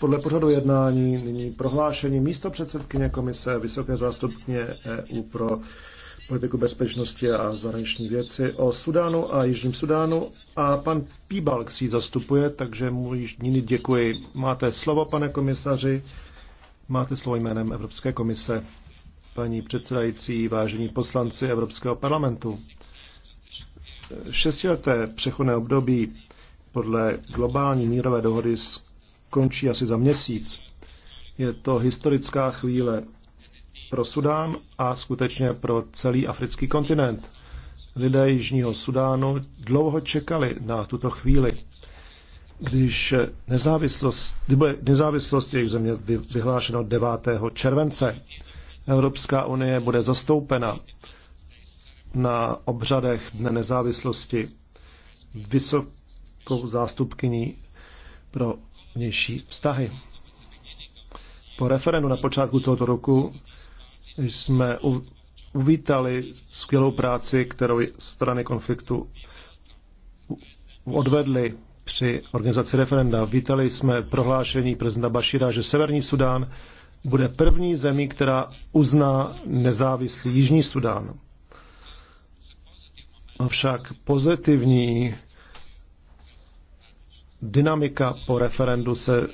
Podle pořadu jednání nyní prohlášení místo předsedkyně komise Vysoké zástupkyně EU pro politiku bezpečnosti a zahraniční věci o Sudánu a Jižním Sudánu a pan Píbalk si zastupuje, takže mu již nyní děkuji. Máte slovo, pane komisaři, máte slovo jménem Evropské komise. Paní předsedající, vážení poslanci Evropského parlamentu, šestileté přechodné období podle globální mírové dohody skončí asi za měsíc. Je to historická chvíle pro Sudán a skutečně pro celý africký kontinent. Lidé Jižního Sudánu dlouho čekali na tuto chvíli, když nezávislost, bude nezávislost jejich země vyhlášeno 9. července. Evropská unie bude zastoupena na obřadech Dne nezávislosti. Vysok, vysokou jako zástupkyní pro vnější vztahy. Po referendu na počátku tohoto roku jsme uvítali skvělou práci, kterou strany konfliktu odvedly při organizaci referenda. Vítali jsme prohlášení prezidenta Bašira, že Severní Sudán bude první zemí, která uzná nezávislý Jižní Sudán. Avšak pozitivní dynamika po referendu se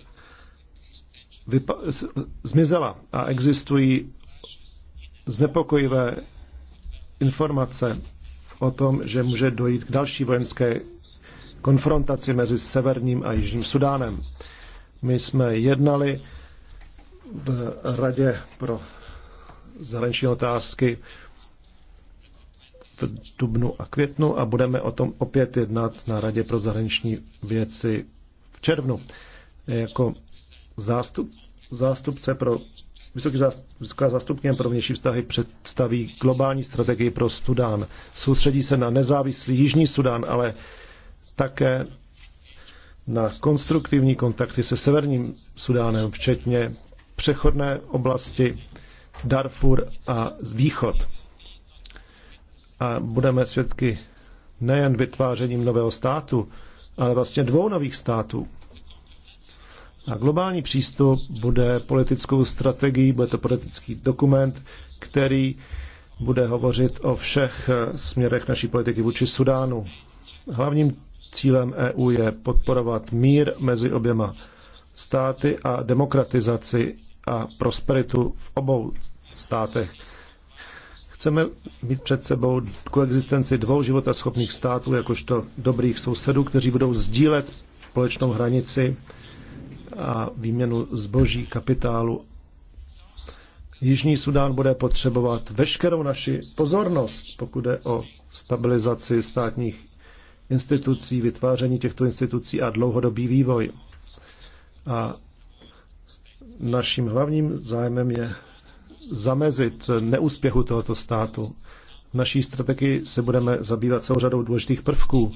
zmizela a existují znepokojivé informace o tom, že může dojít k další vojenské konfrontaci mezi Severním a Jižním Sudánem. My jsme jednali v Radě pro zahraniční otázky v dubnu a květnu a budeme o tom opět jednat na Radě pro zahraniční věci v červnu. Jako zástup, zástupce pro Vysoký zástup, vysoká zástupkyně pro vnější vztahy představí globální strategii pro Sudán. Soustředí se na nezávislý Jižní Sudán, ale také na konstruktivní kontakty se Severním Sudánem, včetně přechodné oblasti Darfur a Východ a budeme svědky nejen vytvářením nového státu, ale vlastně dvou nových států. A globální přístup bude politickou strategií, bude to politický dokument, který bude hovořit o všech eh, směrech naší politiky vůči Sudánu. Hlavním cílem EU je podporovat mír mezi oběma státy a demokratizaci a prosperitu v obou státech. Chceme mít před sebou koexistenci dvou životaschopných států, jakožto dobrých sousedů, kteří budou sdílet společnou hranici a výměnu zboží, kapitálu. Jižní Sudán bude potřebovat veškerou naši pozornost, pokud je o stabilizaci státních institucí, vytváření těchto institucí a dlouhodobý vývoj. A naším hlavním zájmem je zamezit neúspěchu tohoto státu. V naší strategii se budeme zabývat celou řadou důležitých prvků.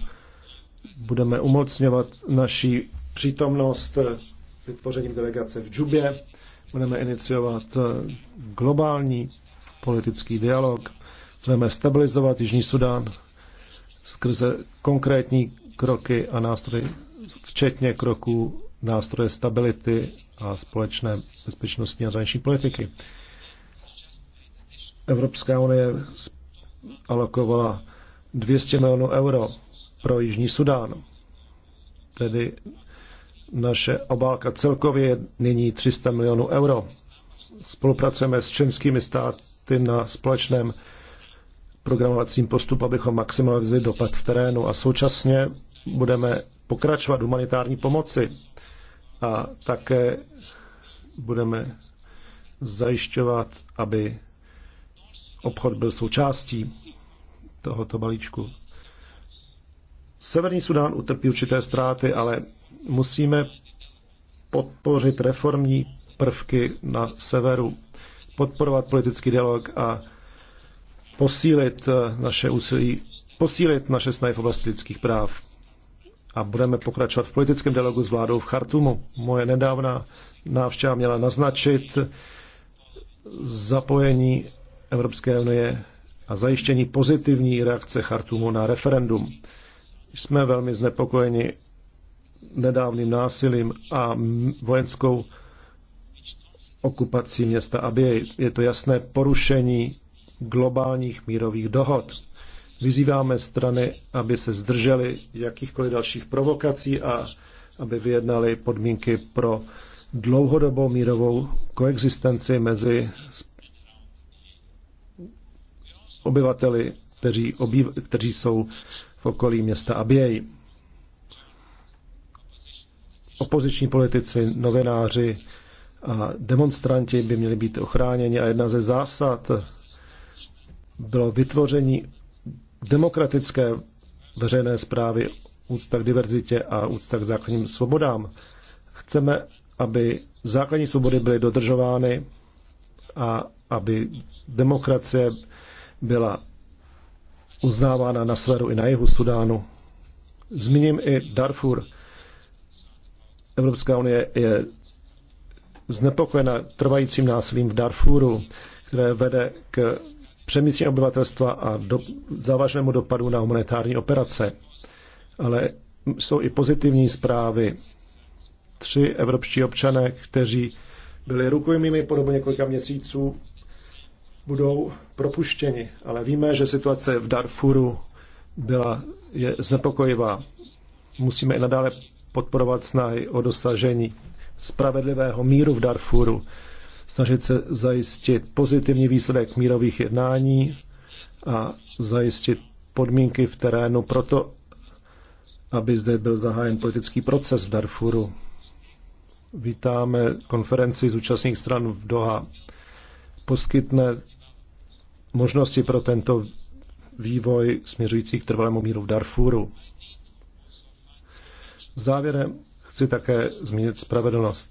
Budeme umocňovat naší přítomnost vytvořením delegace v Džubě, budeme iniciovat globální politický dialog, budeme stabilizovat Jižní Sudán skrze konkrétní kroky a nástroje, včetně kroků nástroje stability a společné bezpečnostní a zahraniční politiky. Evropská unie alokovala 200 milionů euro pro Jižní Sudán. Tedy naše obálka celkově je nyní 300 milionů euro. Spolupracujeme s členskými státy na společném programovacím postupu, abychom maximalizovali dopad v terénu a současně budeme pokračovat humanitární pomoci a také budeme zajišťovat, aby obchod byl součástí tohoto balíčku. Severní Sudán utrpí určité ztráty, ale musíme podpořit reformní prvky na severu, podporovat politický dialog a posílit eh, naše úsilí, posílit naše snahy v oblasti lidských práv. A budeme pokračovat v politickém dialogu s vládou v Chartumu. Moje nedávná návštěva měla naznačit zapojení Evropské unie a zajištění pozitivní reakce Chartumu na referendum. Jsme velmi znepokojeni nedávným násilím a vojenskou okupací města Abie. Je to jasné porušení globálních mírových dohod. Vyzýváme strany, aby se zdrželi jakýchkoliv dalších provokací a aby vyjednali podmínky pro dlouhodobou mírovou koexistenci mezi obyvateli, kteří, obýv, kteří jsou v okolí města Abiej. Opoziční politici, novináři a demonstranti by měli být ochráněni a jedna ze zásad bylo vytvoření demokratické veřejné zprávy, úcta k diverzitě a úcta k základním svobodám. Chceme, aby základní svobody byly dodržovány a aby demokracie byla uznávána na severu i na jihu Sudánu. Zmíním i Darfur. Evropská unie je znepokojena trvajícím násilím v Darfuru, které vede k přemístění obyvatelstva a do, závažnému dopadu na humanitární operace. Ale jsou i pozitivní zprávy. Tři evropští občané, kteří byli rukojmými po dobu několika měsíců, budou propuštěni. Ale víme, že situace v Darfuru byla, je znepokojivá. Musíme i nadále podporovat snahy o dosažení spravedlivého míru v Darfuru, snažit se zajistit pozitivní výsledek mírových jednání a zajistit podmínky v terénu proto, aby zde byl zahájen politický proces v Darfuru. Vítáme konferenci z účastních stran v Doha. Poskytne možnosti pro tento vývoj směřující k trvalému míru v Darfuru. Závěrem chci také zmínit spravedlnost.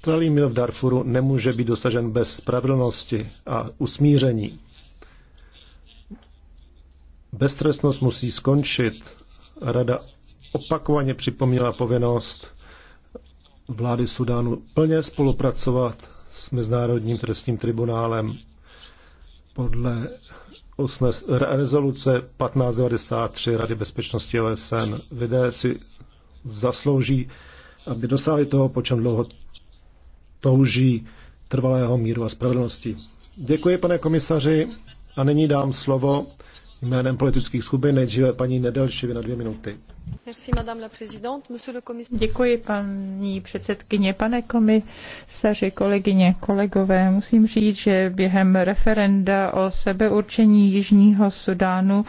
Trvalý mír v Darfuru nemůže být dosažen bez spravedlnosti a usmíření. Beztrestnost musí skončit. Rada opakovaně připomněla povinnost vlády Sudánu plně spolupracovat s Mezinárodním trestním tribunálem podle usnes, rezoluce 1593 Rady bezpečnosti OSN. Lidé si zaslouží, aby dosáhli toho, po čem dlouho touží trvalého míru a spravedlnosti. Děkuji, pane komisaři, a nyní dám slovo jménem politických skupin, nejdříve paní Nedelšivy na dvě minuty. Děkuji, paní předsedkyně, pane komisaři, kolegyně, kolegové. Musím říct, že během referenda o sebeurčení Jižního Sudánu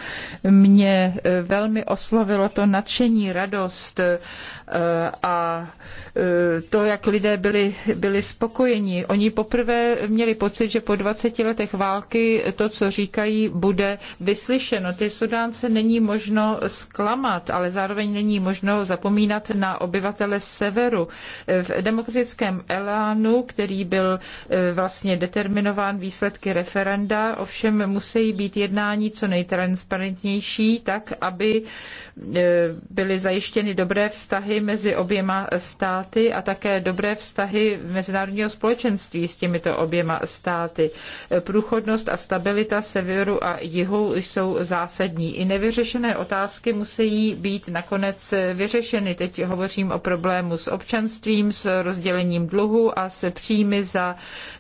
mě eh, velmi oslovilo to nadšení, radost eh, a eh, to, jak lidé byli, byli spokojeni. Oni poprvé měli pocit, že po 20 letech války to, co říkají, bude vyslyšeno. Ty Sudánce není možno zklamat, ale zároveň zároveň není možno zapomínat na obyvatele severu. V demokratickém elánu, který byl e, vlastně determinován výsledky referenda, ovšem musí být jednání co nejtransparentnější, tak aby E, byly zajištěny dobré vztahy mezi oběma státy a také dobré vztahy mezinárodního společenství s těmito oběma státy. E, průchodnost a stabilita severu a jihu jsou zásadní. I nevyřešené otázky musí být nakonec vyřešeny. Teď hovořím o problému s občanstvím, s rozdělením dluhu a se příjmy za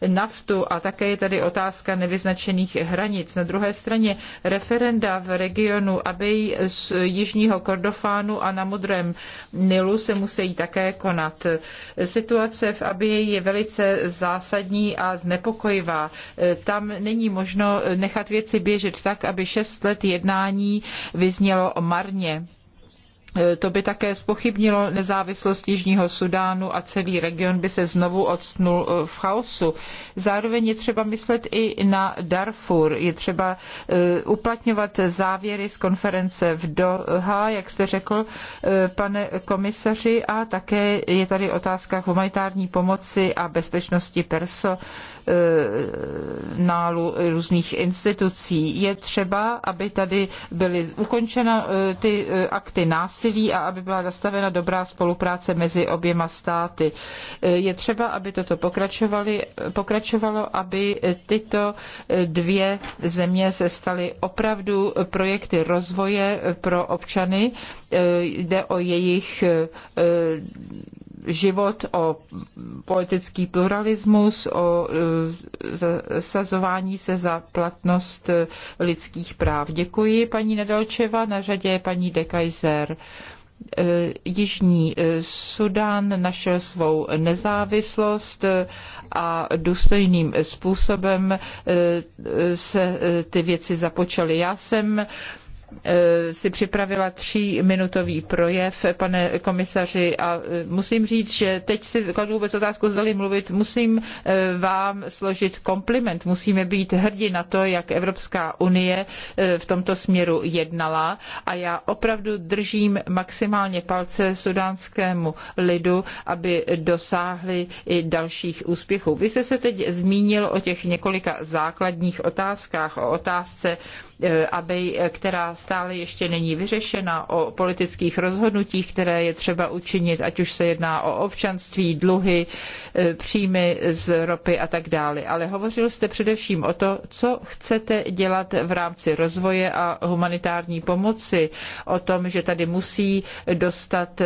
naftu a také je tady otázka nevyznačených hranic. Na druhé straně referenda v regionu Abej jižní Jižního Kordofánu a na Modrém Nilu se musí také konat. Situace v Abieji je velice zásadní a znepokojivá. Tam není možno nechat věci běžet tak, aby šest let jednání vyznělo marně. Eh, to by také spochybnilo nezávislost Jižního Sudánu a celý region by se znovu odstnul eh, v chaosu. Zároveň je třeba myslet i na Darfur. Je třeba eh, uplatňovat závěry z konference v Doha, jak jste řekl, pane komisaři, a také je tady otázka humanitární pomoci a bezpečnosti perso Eh, nálu různých institucí. Je třeba, aby tady byly ukončena eh, ty eh, akty násilí a aby byla nastavena dobrá spolupráce mezi oběma státy. Je třeba, aby toto pokračovalo, aby tyto dvě země se staly opravdu projekty rozvoje pro občany. Jde o jejich život, o politický pluralismus, o e, zasazování se za platnost e, lidských práv. Děkuji paní Nedolčeva, na řadě je paní De Kaiser. E, Jižní Sudan našel svou nezávislost a důstojným způsobem se ty věci započaly. Já jsem Eh, si připravila tříminutový projev, pane komisaři, a eh, musím říct, že teď si kladu vůbec otázku, zdali mluvit, musím eh, vám složit kompliment. Musíme být hrdí na to, jak Evropská unie v tomto směru jednala a já opravdu držím maximálně palce sudánskému lidu, aby dosáhli i dalších úspěchů. Vy jste se teď zmínil o těch několika základních otázkách, o otázce Eh, aby, eh, která stále ještě není vyřešena, o politických rozhodnutích, které je třeba učinit, ať už se jedná o občanství, dluhy, eh, příjmy z ropy a tak dále. Ale hovořil jste především o to, co chcete dělat v rámci rozvoje a humanitární pomoci, o tom, že tady musí dostat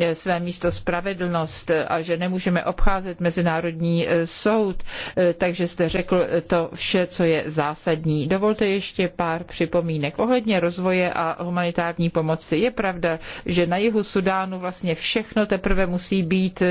Eh, své místo spravedlnost a že nemůžeme obcházet Mezinárodní eh, soud, eh, takže jste řekl to vše, co je zásadní. Dovolte ještě pár připomínek. Ohledně rozvoje a humanitární pomoci je pravda, že na jihu Sudánu vlastně všechno teprve musí být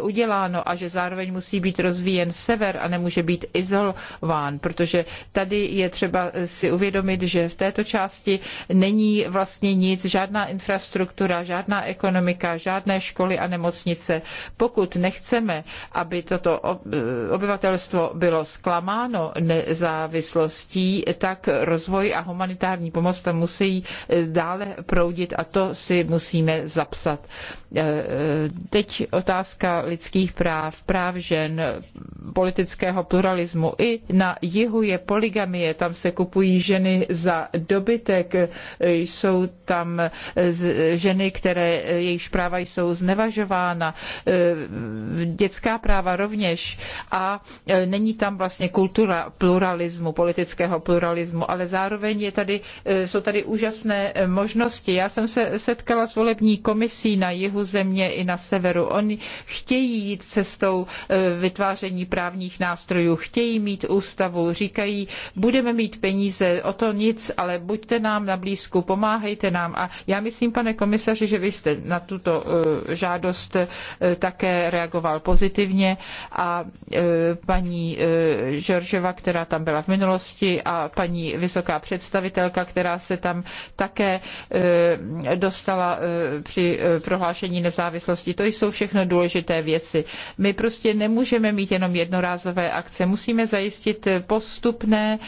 uděláno a že zároveň musí být rozvíjen sever a nemůže být izolován, protože tady je třeba si uvědomit, že v této části není vlastně nic, žádná infrastruktura, žádná ekonomika, netýká žádné školy a nemocnice. Pokud nechceme, aby toto eh, obyvatelstvo bylo zklamáno nezávislostí, tak rozvoj a humanitární pomoc tam musí eh, dále proudit a to si musíme zapsat. Eh, teď otázka lidských práv, práv žen, politického pluralismu. I na jihu je poligamie, tam se kupují ženy za dobytek, jsou tam ženy, které jejichž práva jsou znevažována, e, dětská práva rovněž a e, není tam vlastně kultura pluralismu, politického pluralismu, ale zároveň je tady, e, jsou tady úžasné možnosti. Já jsem se setkala s volební komisí na jihu země i na severu. Oni chtějí jít cestou vytváření právních nástrojů, chtějí mít ústavu, říkají, budeme mít peníze, o to nic, ale buďte nám na blízku, pomáhejte nám. A já myslím, pane komisaři, že vy jste na tu tuto eh, žádost eh, také reagoval pozitivně a eh, paní Žorževa, která tam byla v minulosti a paní vysoká představitelka, která se tam také dostala při prohlášení nezávislosti. To jsou všechno důležité věci. My prostě nemůžeme mít jenom jednorázové akce. Musíme zajistit postupné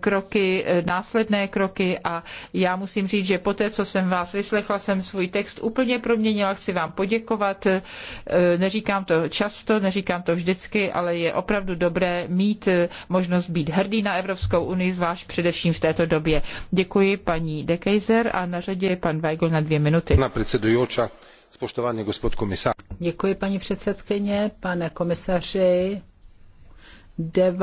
kroky, následné kroky a já musím říct, že poté, co jsem vás vyslechla, jsem svůj text úplně proměnila zmínila, chci vám poděkovat. E, neříkám to často, neříkám to vždycky, ale je opravdu dobré mít e, možnost být hrdý na Evropskou unii, zvlášť především v této době. Děkuji paní Dekejzer a na řadě je pan Weigl na dvě minuty. Na Spoštování gospod komisář. Děkuji paní předsedkyně, pane komisaři, 9.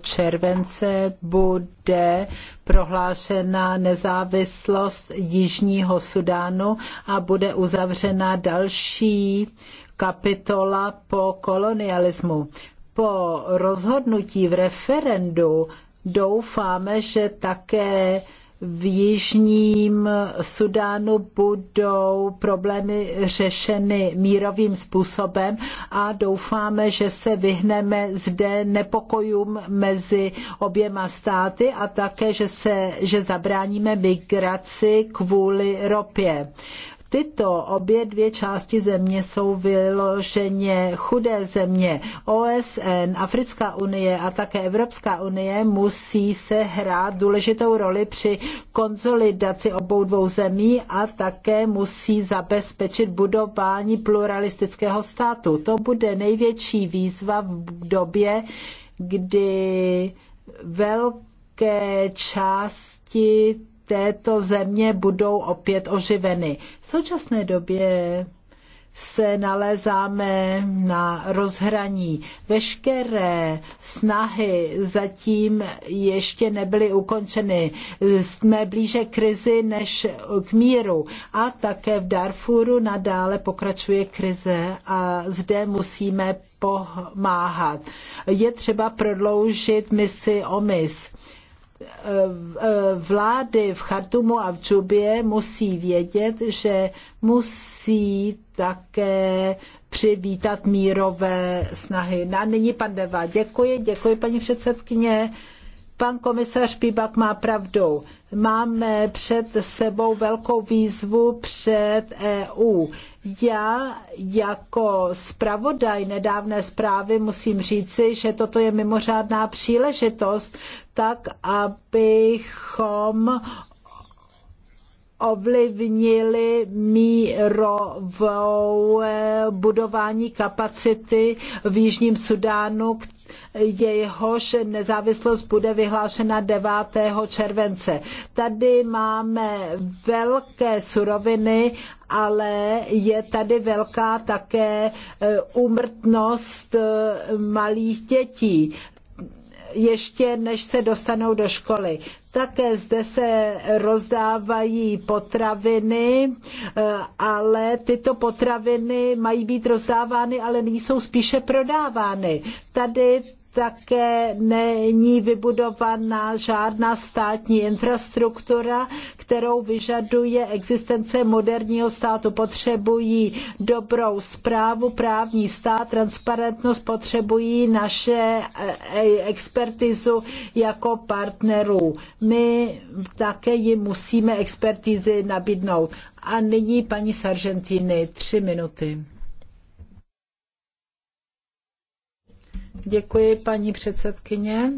července bude prohlášena nezávislost Jižního Sudánu a bude uzavřena další kapitola po kolonialismu. Po rozhodnutí v referendu doufáme, že také v Jižním Sudánu budou problémy řešeny mírovým způsobem a doufáme, že se vyhneme zde nepokojům mezi oběma státy a také, že, se, že zabráníme migraci kvůli ropě. Tyto obě dvě části země jsou vyloženě chudé země. OSN, Africká unie a také Evropská unie musí se hrát důležitou roli při konsolidaci obou dvou zemí a také musí zabezpečit budování pluralistického státu. To bude největší výzva v době, kdy velké části této země budou opět oživeny. V současné době se nalézáme na rozhraní. Veškeré snahy zatím ještě nebyly ukončeny. Jsme blíže krizi než k míru. A také v Darfuru nadále pokračuje krize a zde musíme pomáhat. Je třeba prodloužit misi OMIS Eh, vlády v Chartumu a v Džubě musí vědět, že musí také přivítat mírové snahy. Na, no nyní pan Deva. Děkuji, děkuji paní předsedkyně. Pan komisař Píbak má pravdu. Máme před sebou velkou výzvu před EU. Já jako zpravodaj nedávné zprávy musím říci, že toto je mimořádná příležitost, tak abychom ovlivnili mírovou eh, budování kapacity v Jižním Sudánu, jehož nezávislost bude vyhlášena 9. července. Tady máme velké suroviny, ale je tady velká také eh, úmrtnost eh, malých dětí ještě než se dostanou do školy. Také zde se rozdávají potraviny, eh, ale tyto potraviny mají být rozdávány, ale nejsou spíše prodávány. Tady také není vybudovaná žádná státní infrastruktura, kterou vyžaduje existence moderního státu. Potřebují dobrou správu, právní stát, transparentnost, potřebují naše eh, eh, expertizu jako partnerů. My také jim musíme expertizy nabídnout. A nyní paní Sargentini, tři minuty. Děkuji, paní předsedkyně.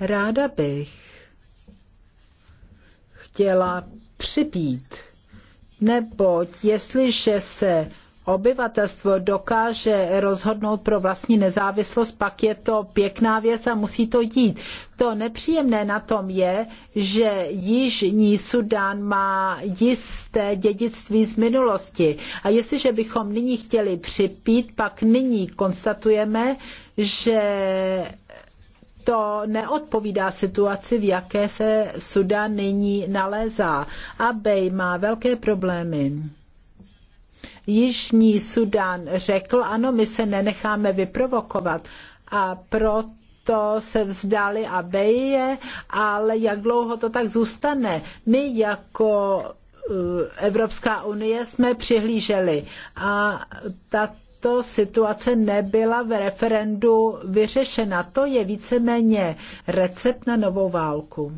Ráda bych chtěla přibít, neboť jestliže se obyvatelstvo dokáže rozhodnout pro vlastní nezávislost, pak je to pěkná věc a musí to dít. To nepříjemné na tom je, že Jižní Sudán má jisté dědictví z minulosti. A jestliže bychom nyní chtěli připít, pak nyní konstatujeme, že to neodpovídá situaci, v jaké se Sudan nyní nalézá. Abej má velké problémy. Jižní Sudán řekl, ano, my se nenecháme vyprovokovat a proto se vzdali a beje, ale jak dlouho to tak zůstane? My jako eh, Evropská unie jsme přihlíželi a tato situace nebyla v referendu vyřešena. To je víceméně recept na novou válku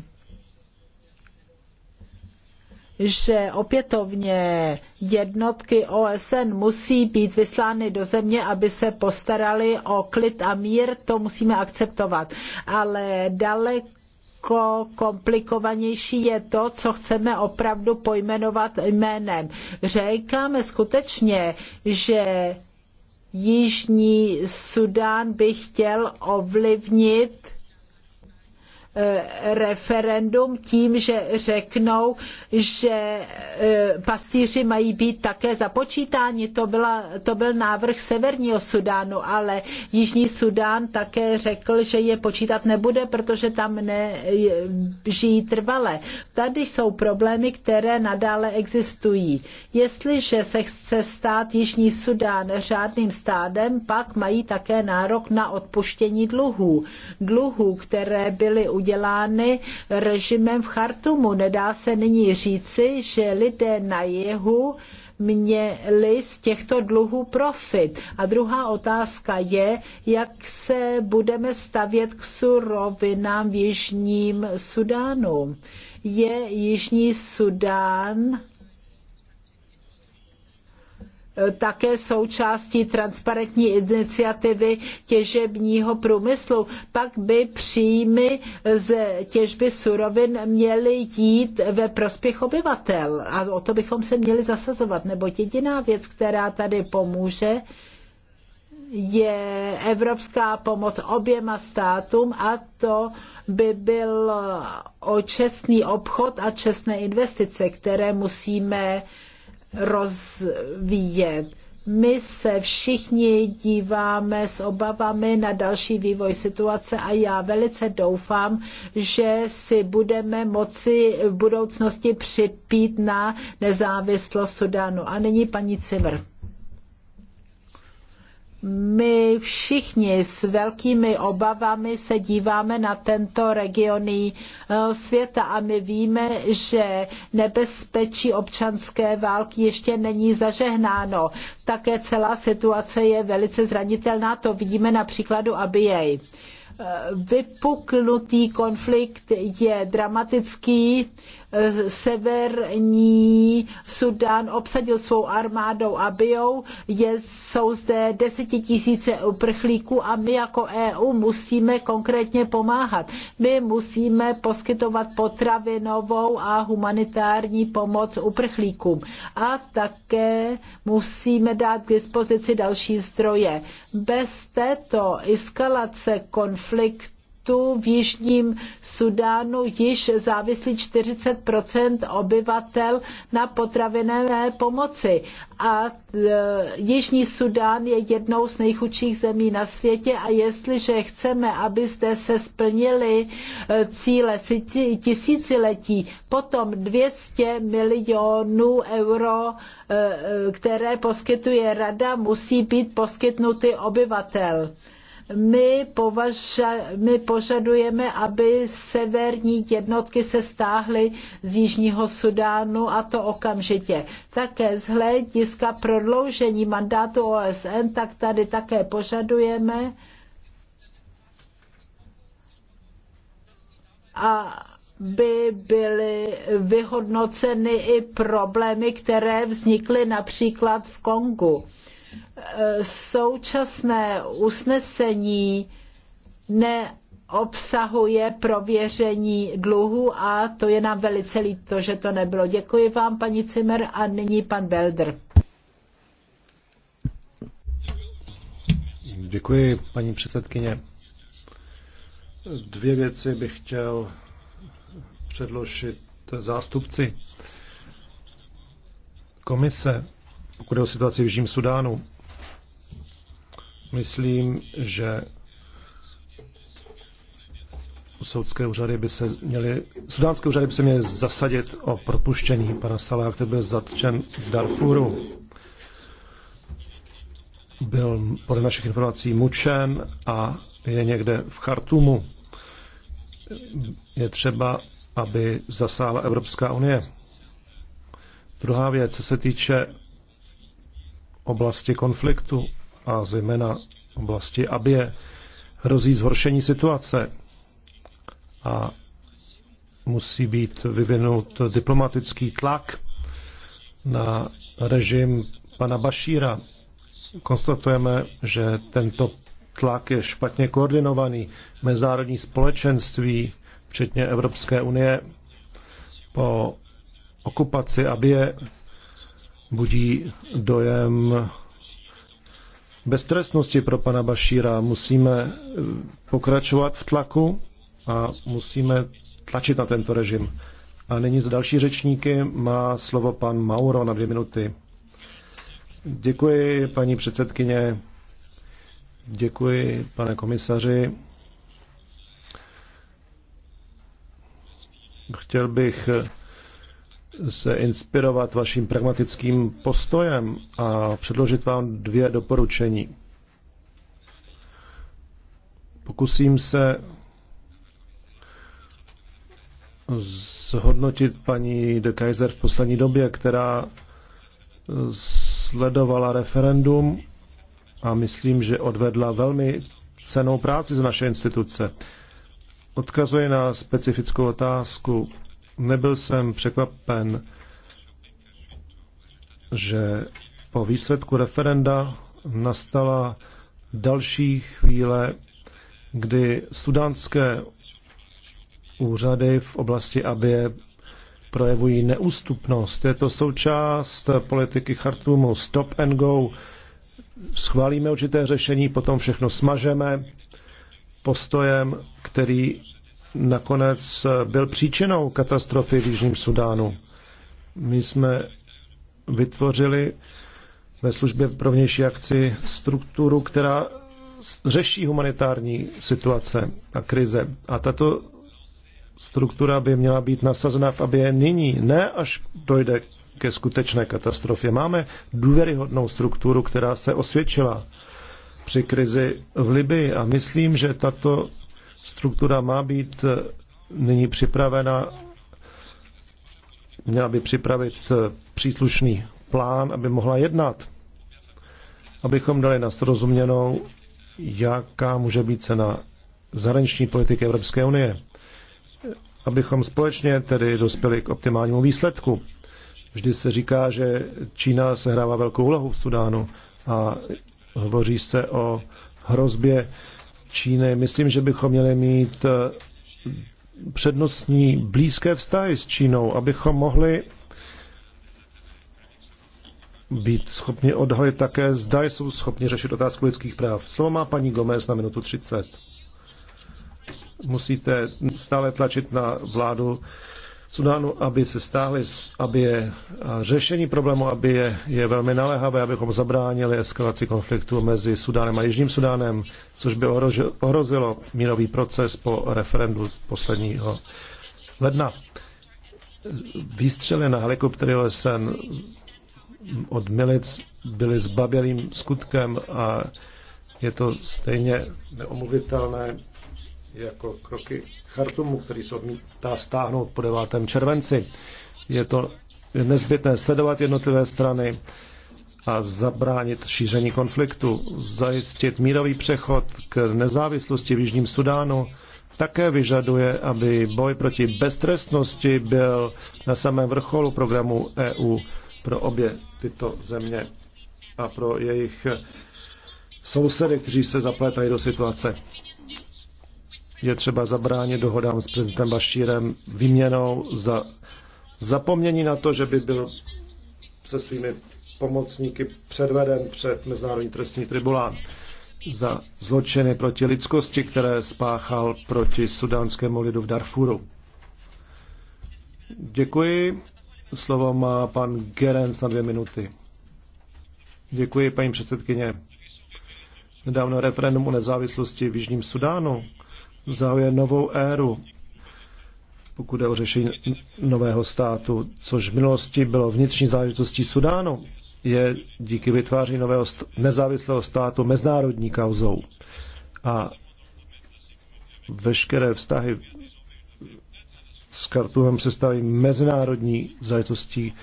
že opětovně jednotky OSN musí být vyslány do země, aby se postarali o klid a mír, to musíme akceptovat. Ale daleko komplikovanější je to, co chceme opravdu pojmenovat jménem. Říkáme skutečně, že Jižní Sudán by chtěl ovlivnit Eh, referendum tím, že řeknou, že eh, pastýři mají být také započítáni. To, byla, to byl návrh Severního Sudánu, ale Jižní Sudán také řekl, že je počítat nebude, protože tam nežijí trvale. Tady jsou problémy, které nadále existují. Jestliže se chce stát Jižní Sudán řádným stádem, pak mají také nárok na odpuštění dluhů. Dluhů, které byly udělány dělány režimem v Chartumu. Nedá se nyní říci, že lidé na jihu měli z těchto dluhů profit. A druhá otázka je, jak se budeme stavět k surovinám v Jižním Sudánu. Je Jižní Sudán Eh, také součástí transparentní iniciativy těžebního průmyslu, pak by příjmy z těžby surovin měly jít ve prospěch obyvatel. A o to bychom se měli zasazovat, nebo jediná věc, která tady pomůže, je evropská pomoc oběma státům a to by byl o čestný obchod a čestné investice, které musíme uh, rozvíjet. My se všichni díváme s obavami na další vývoj situace a já velice doufám, že si budeme moci v budoucnosti připít na nezávislost Sudánu. A nyní paní Cimr my všichni s velkými obavami se díváme na tento regiony eh, světa a my víme, že nebezpečí občanské války ještě není zažehnáno. Také celá situace je velice zranitelná, to vidíme na příkladu ABA. Eh, vypuknutý konflikt je dramatický, severní Sudán obsadil svou armádou a Je, jsou zde desetitisíce uprchlíků a my jako EU musíme konkrétně pomáhat. My musíme poskytovat potravinovou a humanitární pomoc uprchlíkům a také musíme dát k dispozici další zdroje. Bez této eskalace konfliktu konfliktu v Jižním Sudánu již závislí 40 obyvatel na potravinové pomoci. A e, Jižní Sudán je jednou z nejchudších zemí na světě a jestliže chceme, aby zde se splnily e, cíle tisíciletí, potom 200 milionů euro, e, které poskytuje rada, musí být poskytnuty obyvatel. My, považa, my požadujeme, aby severní jednotky se stáhly z Jižního Sudánu a to okamžitě. Také z hlediska prodloužení mandátu OSN, tak tady také požadujeme, aby byly vyhodnoceny i problémy, které vznikly například v Kongu. Současné usnesení neobsahuje prověření dluhu a to je nám velice líto, že to nebylo. Děkuji vám, paní Cimer, a nyní pan Belder. Děkuji, paní předsedkyně. Dvě věci bych chtěl předložit zástupci komise pokud je o situaci v Jižním Sudánu. Myslím, že soudské úřady by se měly, sudánské úřady by se měly zasadit o propuštění pana Saláha, který byl zatčen v Darfuru. Byl podle našich informací mučen a je někde v Chartumu. Je třeba, aby zasáhla Evropská unie. Druhá věc, co se týče oblasti konfliktu a zejména oblasti Abie hrozí zhoršení situace a musí být vyvinut diplomatický tlak na režim pana Bašíra. Konstatujeme, že tento tlak je špatně koordinovaný. Mezinárodní společenství, včetně Evropské unie, po okupaci Abie budí dojem beztrestnosti pro pana Bašíra. Musíme eh, pokračovat v tlaku a musíme tlačit na tento režim. A nyní za další řečníky má slovo pan Mauro na dvě minuty. Děkuji, paní předsedkyně. Děkuji, pane komisaři. Chtěl bych eh, se inspirovat vaším pragmatickým postojem a předložit vám dvě doporučení. Pokusím se zhodnotit paní de Kaiser v poslední době, která sledovala referendum a myslím, že odvedla velmi cenou práci z naše instituce. Odkazuje na specifickou otázku Nebyl jsem překvapen, že po výsledku referenda nastala další chvíle, kdy sudánské úřady v oblasti Abie projevují neústupnost. Je to součást politiky Chartumu stop and go. Schválíme určité řešení, potom všechno smažeme postojem, který nakonec byl příčinou katastrofy v Jižním Sudánu. My jsme vytvořili ve službě pro vnější akci strukturu, která řeší humanitární situace a krize. A tato struktura by měla být nasazena, aby je nyní, ne až dojde ke skutečné katastrofě. Máme důvěryhodnou strukturu, která se osvědčila při krizi v Libii a myslím, že tato Struktura má být eh, nyní připravena, měla by připravit eh, příslušný plán, aby mohla jednat, abychom dali na srozuměnou, jaká může být cena zahraniční politiky Evropské unie, abychom společně tedy dospěli k optimálnímu výsledku. Vždy se říká, že Čína sehrává velkou úlohu v Sudánu a hovoří se o hrozbě Číny. Myslím, že bychom měli mít eh, přednostní blízké vztahy s Čínou, abychom mohli být schopni odhalit také, zda jsou schopni řešit otázku lidských práv. Slovo má paní Gomez na minutu 30. Musíte stále tlačit na vládu Sudánu, aby se stáhli, aby je řešení problému, aby je, je velmi naléhavé, abychom zabránili eskalaci konfliktu mezi Sudánem a Jižním Sudánem, což by ohrozilo mírový proces po referendu z posledního ledna. Výstřely na helikoptery OSN od milic byly zbabělým skutkem a je to stejně neomluvitelné jako kroky Chartumu, který se odmítá stáhnout po 9. červenci. Je to nezbytné sledovat jednotlivé strany a zabránit šíření konfliktu, zajistit mírový přechod k nezávislosti v Jižním Sudánu, také vyžaduje, aby boj proti beztrestnosti byl na samém vrcholu programu EU pro obě tyto země a pro jejich sousedy, kteří se zaplétají do situace je třeba zabránit dohodám s prezidentem Bašírem výměnou za zapomnění na to, že by byl se svými pomocníky předveden před Mezinárodní trestní tribunál za zločiny proti lidskosti, které spáchal proti sudánskému lidu v Darfuru. Děkuji. Slovo má pan Gerens na dvě minuty. Děkuji, paní předsedkyně. Nedávno referendum o nezávislosti v Jižním Sudánu zahuje novou éru, pokud je o řešení nového státu, což v minulosti bylo vnitřní záležitostí Sudánu, je díky vytváření nového nezávislého státu mezinárodní kauzou. A veškeré vztahy s Kartumem se staví mezinárodní záležitostí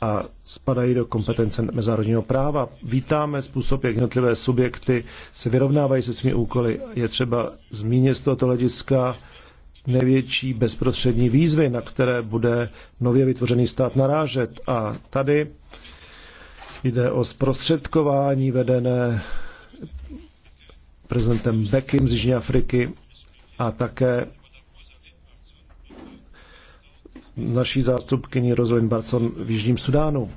a spadají do kompetence mezinárodního práva. Vítáme způsob, jak jednotlivé subjekty se vyrovnávají se svými úkoly. Je třeba zmínit z tohoto hlediska největší bezprostřední výzvy, na které bude nově vytvořený stát narážet. A tady jde o zprostředkování vedené prezidentem Beckem z Jižní Afriky a také naší zástupkyni Rosalind Barson v Jižním Sudánu.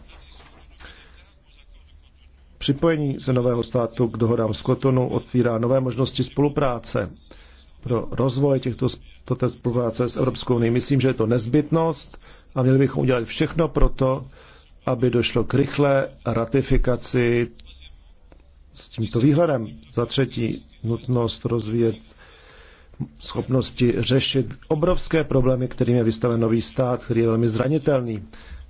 Připojení se nového státu k dohodám z Kotonu otvírá nové možnosti spolupráce. Pro rozvoj těchto toto spolupráce s Evropskou unii myslím, že je to nezbytnost a měli bychom udělat všechno pro to, aby došlo k rychlé ratifikaci s tímto výhledem. Za třetí, nutnost rozvíjet schopnosti řešit obrovské problémy, kterým je vystaven nový stát, který je velmi zranitelný.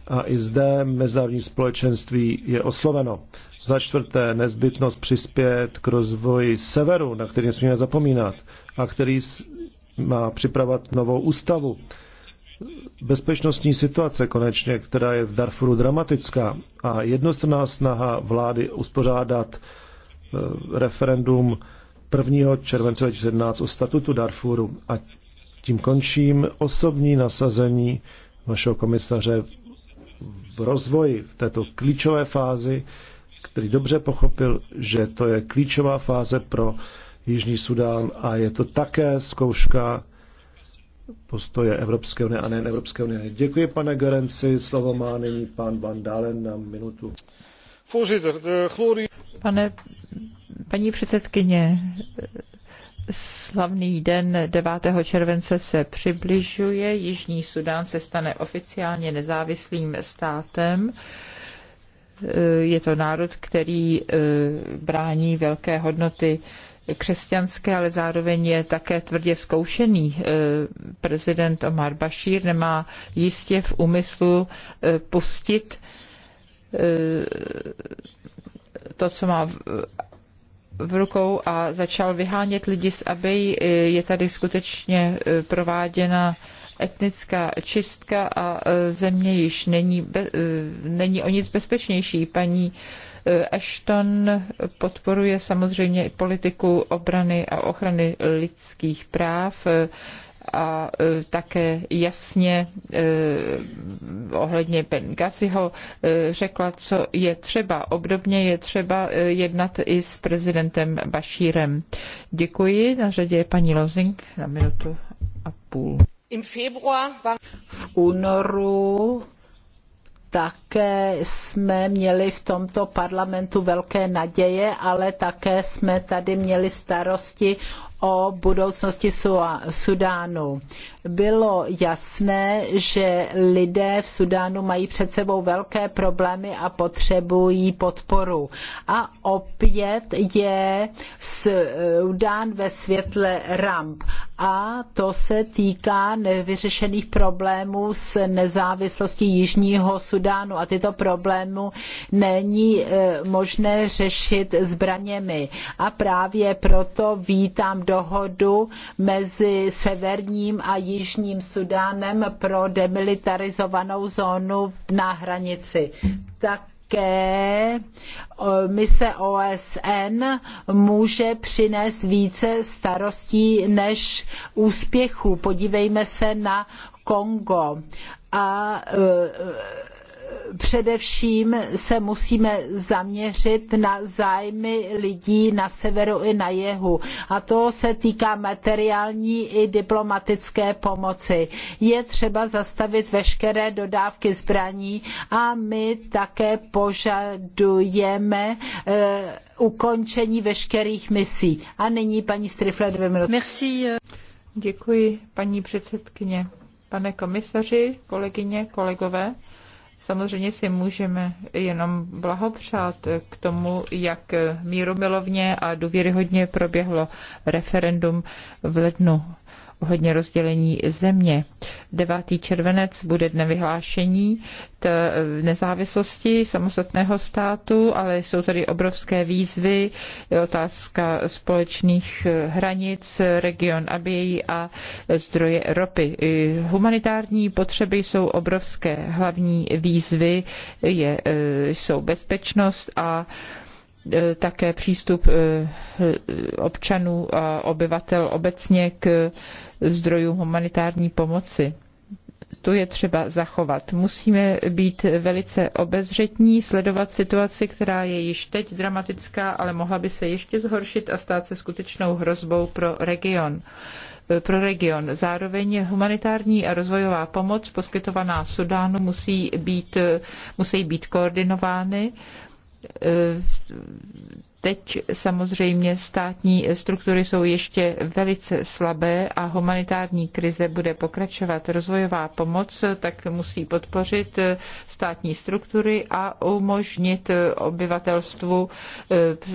A i zde mezinárodní společenství je osloveno. Za čtvrté, nezbytnost přispět k rozvoji severu, na který nesmíme zapomínat, a který má připravovat novou ústavu. Bezpečnostní situace konečně, která je v Darfuru dramatická a jednostranná snaha vlády uspořádat eh, referendum 1. července 2017 o statutu Darfuru. A tím končím osobní nasazení vašeho komisaře v rozvoji v této klíčové fázi, který dobře pochopil, že to je klíčová fáze pro Jižní Sudán a je to také zkouška postoje Evropské unie a nejen Evropské unie. Děkuji, pane Gerenci. Slovo má nyní pan Van Dalen na minutu. Pane Paní předsedkyně, slavný den 9. července se přibližuje. Jižní Sudán se stane oficiálně nezávislým státem. Je to národ, který eh, brání velké hodnoty křesťanské, ale zároveň je také tvrdě zkoušený. Eh, prezident Omar Bashir nemá jistě v úmyslu eh, pustit to, co má v v rukou a začal vyhánět lidi z Je tady skutečně eh, prováděna etnická čistka a eh, země již není, be, eh, není o nic bezpečnější. Paní Ashton podporuje samozřejmě i politiku obrany a ochrany lidských práv a e, také jasně e, ohledně Benghaziho e, řekla, co je třeba. Obdobně je třeba jednat i s prezidentem Bašírem. Děkuji. Na řadě je paní Lozing na minutu a půl. V únoru také jsme měli v tomto parlamentu velké naděje, ale také jsme tady měli starosti o budoucnosti Sudánu. Bylo jasné, že lidé v Sudánu mají před sebou velké problémy a potřebují podporu. A opět je Sudán ve světle ramp. A to se týká nevyřešených problémů s nezávislostí Jižního Sudánu. A tyto problémy není eh, možné řešit zbraněmi. A právě proto vítám dohodu mezi severním a jižním Sudánem pro demilitarizovanou zónu na hranici. Tak také mise OSN může přinést více starostí než úspěchů. Podívejme se na Kongo. A e, především se musíme zaměřit na zájmy lidí na severu i na jihu. A to se týká materiální i diplomatické pomoci. Je třeba zastavit veškeré dodávky zbraní a my také požadujeme eh, ukončení veškerých misí. A nyní paní Strifle dvě minuty. Merci. Eh. Děkuji, paní předsedkyně. Pane komisaři, kolegyně, kolegové, Samozřejmě si můžeme jenom blahopřát k tomu, jak mírumilovně a důvěryhodně proběhlo referendum v lednu ohledně rozdělení země. 9. červenec bude dne vyhlášení t- nezávislosti samostatného státu, ale jsou tady obrovské výzvy, otázka společných eh, hranic, region Abiejí a zdroje ropy. Eh, humanitární potřeby jsou obrovské. Hlavní výzvy je, eh, jsou bezpečnost a E, také přístup e, občanů a obyvatel obecně k zdrojům humanitární pomoci tu je třeba zachovat. Musíme být velice obezřetní, sledovat situaci, která je již teď dramatická, ale mohla by se ještě zhoršit a stát se skutečnou hrozbou pro region. E, pro region. Zároveň humanitární a rozvojová pomoc poskytovaná Sudánu musí být, musí být koordinovány Teď samozřejmě státní struktury jsou ještě velice slabé a humanitární krize bude pokračovat. Rozvojová pomoc tak musí podpořit státní struktury a umožnit obyvatelstvu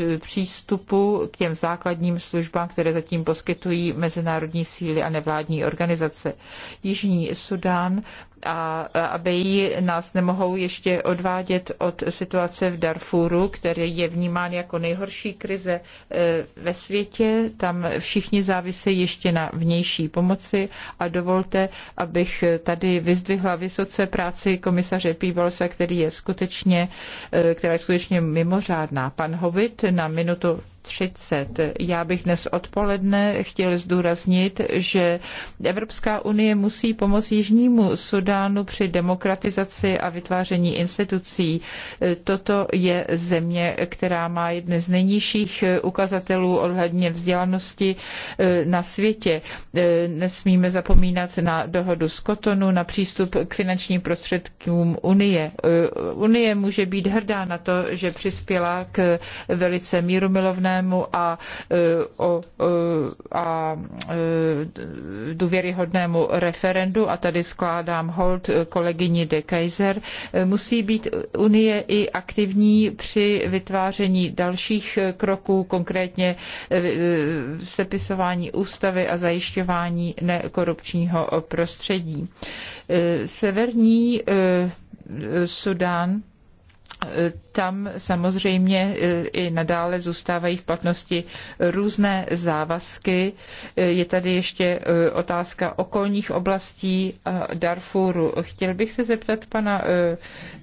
eh, přístupu k těm základním službám, které zatím poskytují mezinárodní síly a nevládní organizace. Jižní Sudán a aby ji nás nemohou ještě odvádět od situace v Darfuru, který je vnímán jako nejhorší krize e, ve světě. Tam všichni závisejí ještě na vnější pomoci a dovolte, abych tady vyzdvihla vysoce práci komisaře Píbalsa, který je skutečně, e, která je skutečně mimořádná. Pan Hovit na minutu 30. Já bych dnes odpoledne chtěl zdůraznit, že Evropská unie musí pomoct Jižnímu Sudánu při demokratizaci a vytváření institucí. Toto je země, která má jeden z nejnižších ukazatelů ohledně vzdělanosti eh, na světě. Eh, nesmíme zapomínat na dohodu z Kotonu, na přístup k finančním prostředkům Unie. Eh, unie může být hrdá na to, že přispěla k velice mírumilovné otevřenému a, e, o, e, a e, důvěryhodnému referendu, a tady skládám hold kolegyni de Kaiser, musí být Unie i aktivní při vytváření dalších kroků, konkrétně sepisování ústavy a zajišťování nekorupčního prostředí. Severní Sudán tam samozřejmě eh, i nadále zůstávají v platnosti různé závazky. Eh, je tady ještě eh, otázka okolních oblastí Darfuru. Chtěl bych se zeptat pana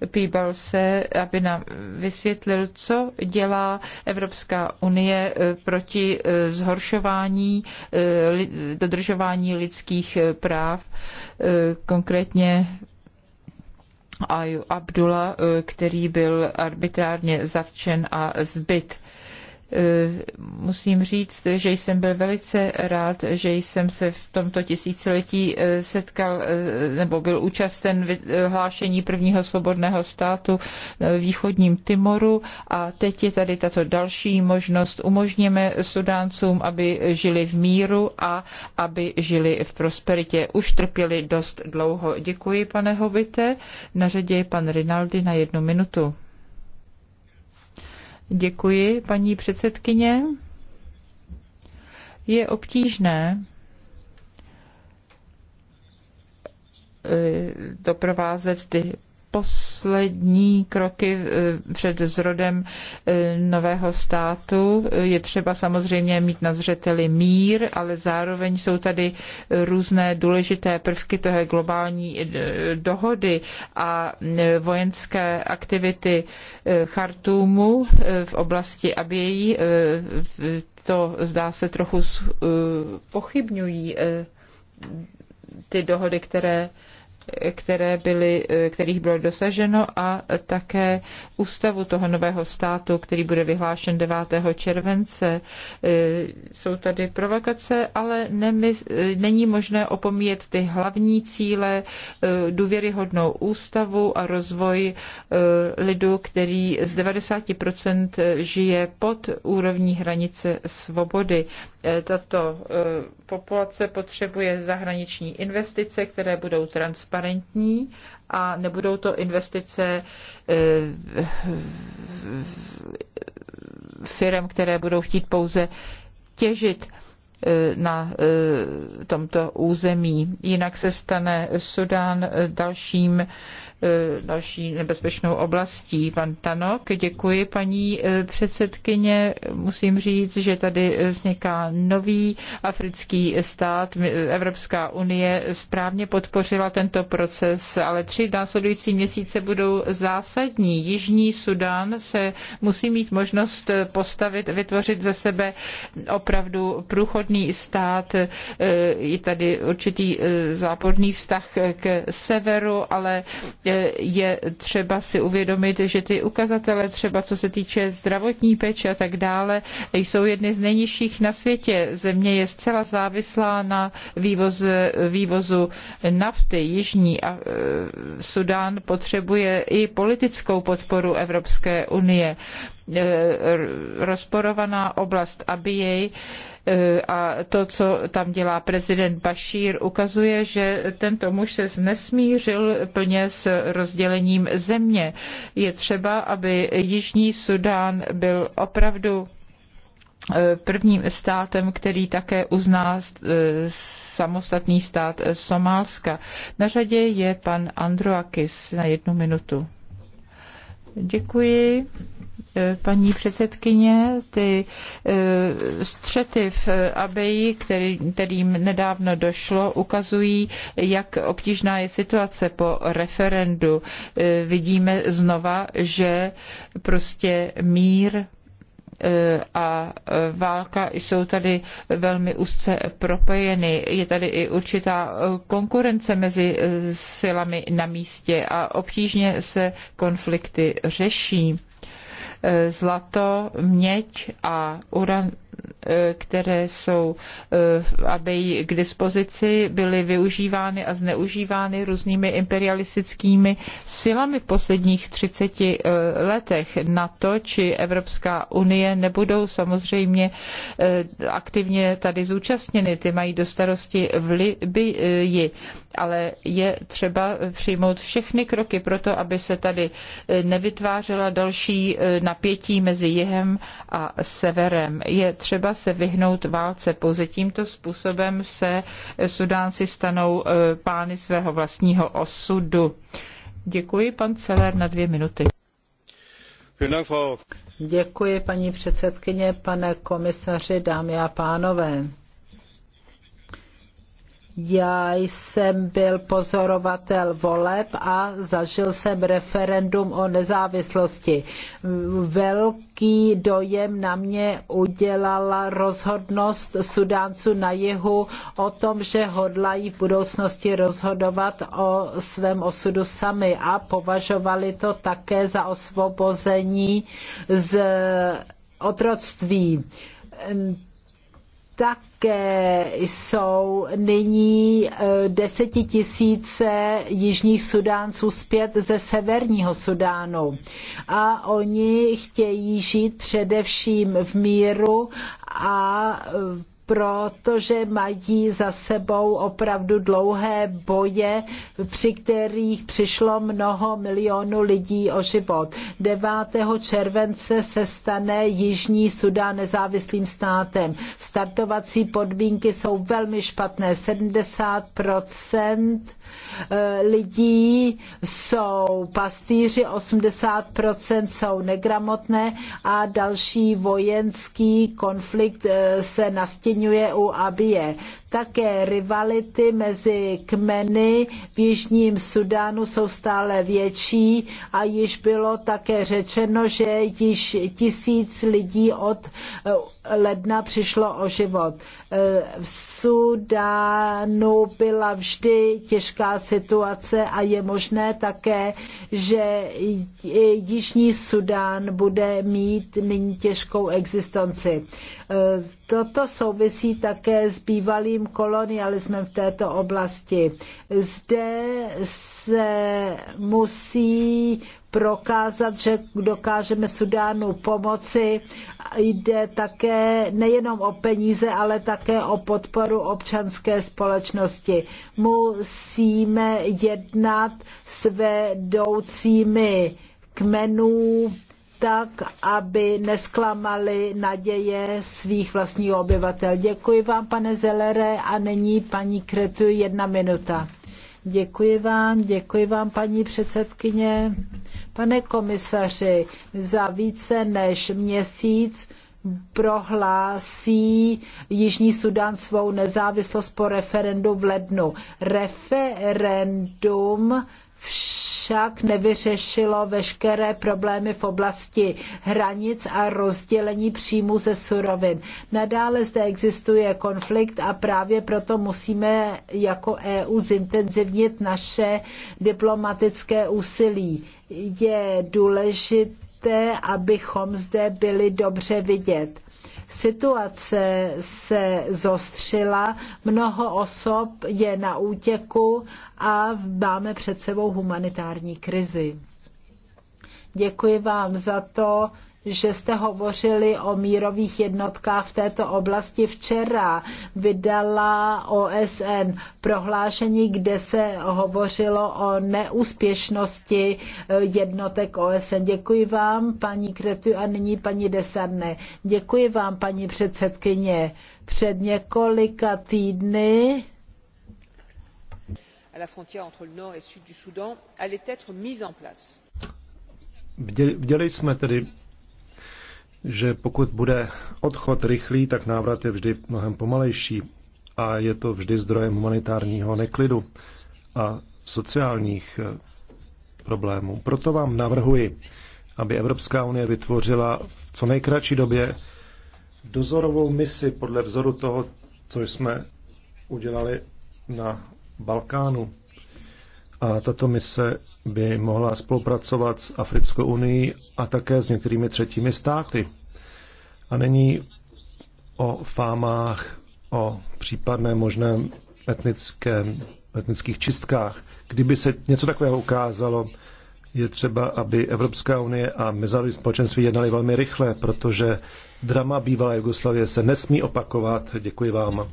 Píbalse, aby nám vysvětlil, co dělá Evropská unie proti zhoršování dodržování lidských práv, konkrétně Aju Abdullah, eh, který byl arbitrárně zavčen a zbyt. Eh, musím říct, že jsem byl velice rád, že jsem se v tomto tisíciletí eh, setkal eh, nebo byl účasten hlášení prvního svobodného státu v východním Timoru a teď je tady tato další možnost. Umožněme Sudáncům, aby žili v míru a aby žili v prosperitě. Už trpěli dost dlouho. Děkuji, pane Hovite. Na řadě je pan Rinaldi na jednu minutu. Děkuji, paní předsedkyně. Je obtížné eh, doprovázet ty poslední kroky eh, před zrodem eh, nového státu. Je třeba samozřejmě mít na zřeteli mír, ale zároveň jsou tady různé důležité prvky toho globální eh, dohody a vojenské aktivity Chartumu v oblasti Abiejí. To zdá se trochu pochybňují ty dohody, které které byly, eh, kterých bylo dosaženo a také ústavu toho nového státu, který bude vyhlášen 9. července. Eh, jsou tady provokace, ale eh, není možné opomíjet ty hlavní cíle, důvěryhodnou ústavu a rozvoj lidu, který z 90% žije pod úrovní hranice svobody. Tato populace potřebuje zahraniční investice, které budou transparentní transparentní a nebudou to investice eh, firm, které budou chtít pouze těžit eh, na eh, tomto území. Jinak se stane Sudán dalším E, další nebezpečnou oblastí. Pan Tanok, děkuji paní e, předsedkyně. Musím říct, že tady vzniká nový africký stát. Evropská unie správně podpořila tento proces, ale tři následující měsíce budou zásadní. Jižní Sudan se musí mít možnost postavit, vytvořit ze sebe opravdu průchodný stát. E, je tady určitý záporný vztah k severu, ale je třeba si uvědomit, že ty ukazatele třeba co se týče zdravotní péče a tak dále, jsou jedny z nejnižších na světě. Země je zcela závislá na vývoz, vývozu nafty. Jižní a, e, Sudán potřebuje i politickou podporu Evropské unie. Eh, rozporovaná oblast Abiyej eh, a to, co tam dělá prezident Bashir, ukazuje, že tento muž se nesmířil plně s rozdělením země. Je třeba, aby Jižní Sudán byl opravdu eh, prvním státem, který také uzná samostatný stát Somálska. Na řadě je pan Androakis na jednu minutu. Děkuji eh, paní předsedkyně, ty eh, střety v Abeji, který, kterým nedávno došlo, ukazují, jak obtížná je situace po referendu. Eh, vidíme znova, že prostě mír Eh, a eh, válka jsou tady velmi úzce propojeny. Je tady i určitá eh, konkurence mezi silami na místě a obtížně se konflikty řeší. Zlato, měď a uran Eh, které jsou, eh, aby k dispozici byly využívány a zneužívány různými imperialistickými silami v posledních 30 eh, letech. NATO či Evropská unie nebudou samozřejmě aktivně tady zúčastněny, ty mají do starosti v Libii, ale je třeba přijmout všechny kroky pro to, aby se tady nevytvářela další napětí mezi jihem a severem. Je třeba třeba se vyhnout válce. Pouze tímto způsobem se Sudánci stanou e, pány svého vlastního osudu. Děkuji, pan Celer, na dvě minuty. Děkuji, paní předsedkyně, pane komisaři, dámy a pánové. Já jsem byl pozorovatel voleb a zažil jsem referendum o nezávislosti. Velký dojem na mě udělala rozhodnost Sudánců na jihu o tom, že hodlají v budoucnosti rozhodovat o svém osudu sami a považovali to také za osvobození z otroctví také jsou nyní eh, desetitisíce jižních sudánců zpět ze severního Sudánu. A oni chtějí žít především v míru a eh, protože mají za sebou opravdu dlouhé boje, při kterých přišlo mnoho milionů lidí o život. 9. července se stane Jižní Suda nezávislým státem. Startovací podmínky jsou velmi špatné. 70 eh, lidí jsou pastýři, 80 jsou negramotné a další vojenský konflikt eh, se nastění zmiňuje u Abie. Také rivality mezi kmeny v Jižním Sudánu jsou stále větší a již bylo také řečeno, že již tisíc lidí od ledna přišlo o život. V Sudánu byla vždy těžká situace a je možné také, že Jižní Sudán bude mít nyní těžkou existenci. Toto souvisí také s bývalým kolonialismem v této oblasti. Zde se musí prokázat, že dokážeme Sudánu pomoci. Jde také nejenom o peníze, ale také o podporu občanské společnosti. Musíme jednat s vedoucími kmenů, tak, aby nesklamali naděje svých vlastních obyvatel. Děkuji vám, pane Zelere, a nyní paní Kretu jedna minuta. Děkuji vám, děkuji vám, paní předsedkyně. Pane komisaři, za více než měsíc prohlásí Jižní Sudan svou nezávislost po referendu v lednu. Referendum však nevyřešilo veškeré problémy v oblasti hranic a rozdělení příjmů ze surovin. Nadále zde existuje konflikt a právě proto musíme jako EU zintenzivnit naše diplomatické úsilí. Je důležité, abychom zde byli dobře vidět Situace se zostřila, mnoho osob je na útěku a máme před sebou humanitární krizi. Děkuji vám za to, že jste hovořili o mírových jednotkách v této oblasti. Včera vydala OSN prohlášení, kde se hovořilo o neúspěšnosti eh, jednotek OSN. Děkuji vám, paní Kretu, a nyní paní Desarne. Děkuji vám, paní předsedkyně. Před několika týdny à la frontière entre le nord et le sud du Soudan allait être mise en place. vděli jsme tedy že pokud bude odchod rychlý, tak návrat je vždy mnohem pomalejší a je to vždy zdrojem humanitárního neklidu a sociálních eh, problémů. Proto vám navrhuji, aby Evropská unie vytvořila v co nejkratší době dozorovou misi podle vzoru toho, co jsme udělali na Balkánu. A tato mise by mohla spolupracovat s Africkou unii a také s některými třetími státy. A není o fámách, o případné možném etnickém, etnických čistkách. Kdyby se něco takového ukázalo, je třeba, aby Evropská unie a mezinárodní společenství jednali velmi rychle, protože drama bývalé Jugoslavie se nesmí opakovat. Děkuji vám.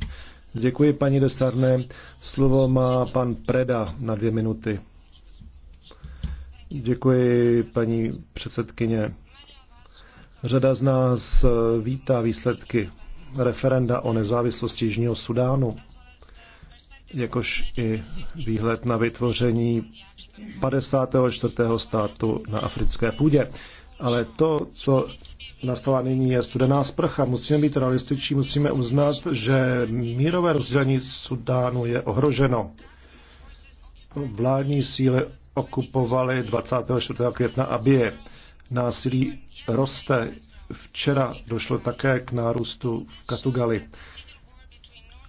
Děkuji, paní Desarné. Slovo má pan Preda na dvě minuty. Děkuji, paní předsedkyně. Řada z nás vítá výsledky referenda o nezávislosti Jižního Sudánu, jakož i výhled na vytvoření 54. státu na africké půdě. Ale to, co nastala nyní, je studená sprcha. Musíme být realističtí, musíme uznat, že mírové rozdělení Sudánu je ohroženo. Vládní síly okupovali 24. května Abie. Násilí roste. Včera došlo také k nárůstu v Katugali.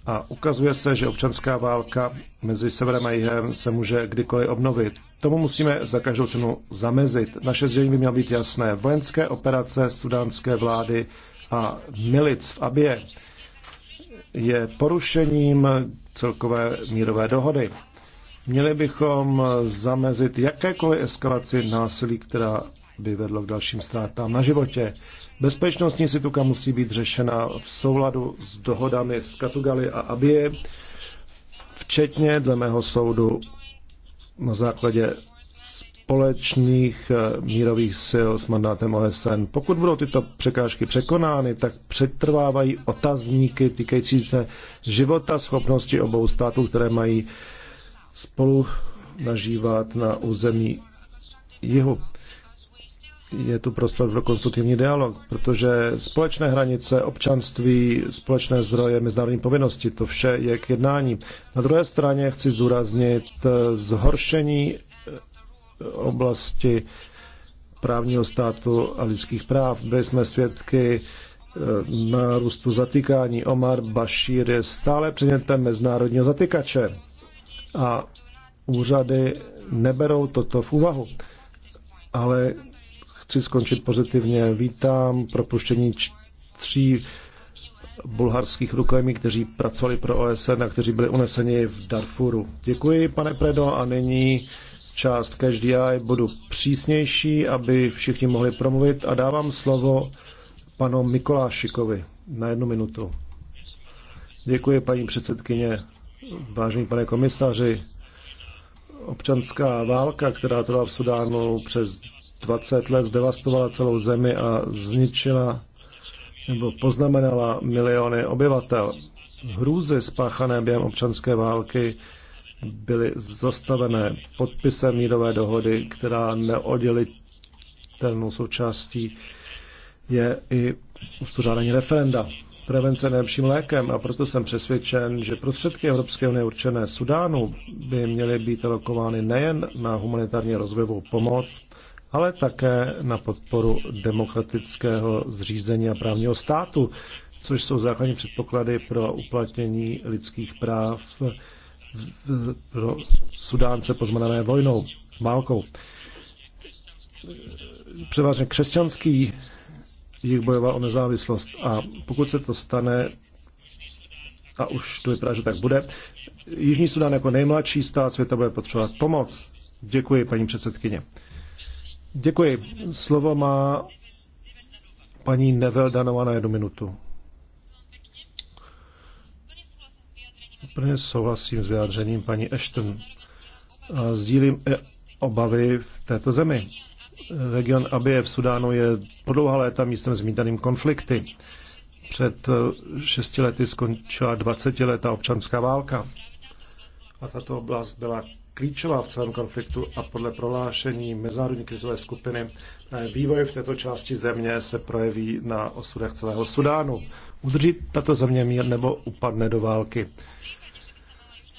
A ukazuje se, že občanská válka mezi severem a jihem se může kdykoliv obnovit. Tomu musíme za každou cenu zamezit. Naše sdělení by mělo být jasné. Vojenské operace sudánské vlády a milic v Abie je porušením celkové mírové dohody. Měli bychom zamezit jakékoliv eskalaci násilí, která by vedlo k dalším ztrátám na životě. Bezpečnostní situka musí být řešena v souladu s dohodami z Katugaly a Abie, včetně dle mého soudu na základě společných eh, mírových sil s mandátem OSN. Pokud budou tyto překážky překonány, tak přetrvávají otazníky týkající se života schopnosti obou států, které mají spolu nažívat na území jihu. Je tu prostor pro konstruktivní dialog, protože společné hranice, občanství, společné zdroje, mezinárodní povinnosti, to vše je k jednání. Na druhé straně chci zdůraznit eh, zhoršení eh, oblasti právního státu a lidských práv. Byli jsme svědky eh, nárůstu zatýkání. Omar Bashir je stále předmětem mezinárodního zatykače a úřady neberou toto v úvahu. Ale chci skončit pozitivně. Vítám propuštění tří bulharských rukojmí, kteří pracovali pro OSN a kteří byli uneseni v Darfuru. Děkuji, pane Predo, a nyní část každý budu přísnější, aby všichni mohli promluvit a dávám slovo panu Mikolášikovi na jednu minutu. Děkuji, paní předsedkyně. Vážený pane komisaři, občanská válka, která trvala v Sudánu přes 20 let, zdevastovala celou zemi a zničila nebo poznamenala miliony obyvatel. Hrůzy spáchané během občanské války byly zastavené podpisem mírové dohody, která neoddělitelnou součástí je i uspořádání referenda prevence nejlepším lékem a proto jsem přesvědčen, že prostředky Evropské unie určené Sudánu by měly být alokovány nejen na humanitární rozvojovou pomoc, ale také na podporu demokratického zřízení a právního státu, což jsou základní předpoklady pro uplatnění lidských práv pro Sudánce poznamenané vojnou, válkou. Převážně křesťanský jich bojoval o nezávislost. A pokud se to stane, a už to vypadá, že tak bude, Jižní Sudán jako nejmladší stát světa bude potřebovat pomoc. Děkuji, paní předsedkyně. Děkuji. Slovo má paní Nevel Danova na jednu minutu. Úplně souhlasím s vyjádřením paní Ashton. Sdílím obavy v této zemi. Region Abie v Sudánu je po dlouhá léta místem zmítaným konflikty. Před eh, šesti lety skončila 20 letá občanská válka. A tato oblast byla klíčová v celém konfliktu a podle prohlášení Mezinárodní krizové skupiny eh, vývoj v této části země se projeví na osudech celého Sudánu. Udrží tato země mír nebo upadne do války.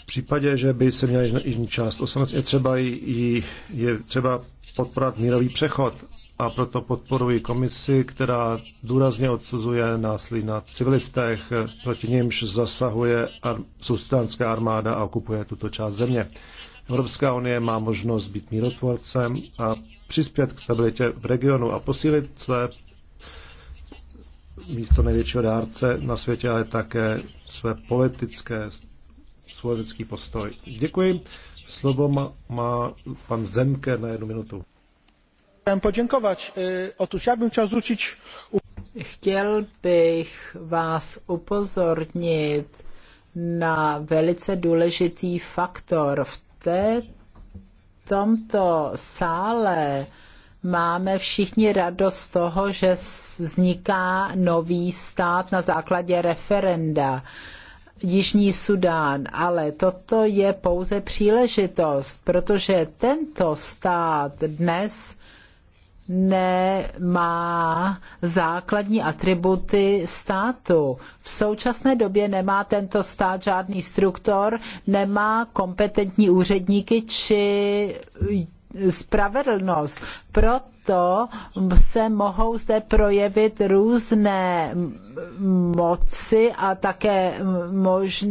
V případě, že by se měla jižní část osamec, je třeba, ji, je třeba podporovat mírový přechod a proto podporuji komisi, která důrazně odsuzuje násilí na civilistech, proti němž zasahuje ar- sudánská armáda a okupuje tuto část země. Evropská unie má možnost být mírotvorcem a přispět k stabilitě v regionu a posílit své místo největšího dárce na světě, ale také své politické, svůj postoj. Děkuji. Slovo má, má pan Zemke na jednu minutu. Chciałem podziękować. Otóż ja bym chciał zwrócić... Chtěl bych vás upozornit na velice důležitý faktor. V té, tomto sále máme všichni radost z toho, že vzniká nový stát na základě referenda. Uh, Jižní Sudán, ale toto je pouze příležitost, protože tento stát dnes nemá základní atributy státu. V současné době nemá tento stát žádný struktor, nemá kompetentní úředníky či spravedlnost. Proto se mohou zde projevit různé moci a také možn,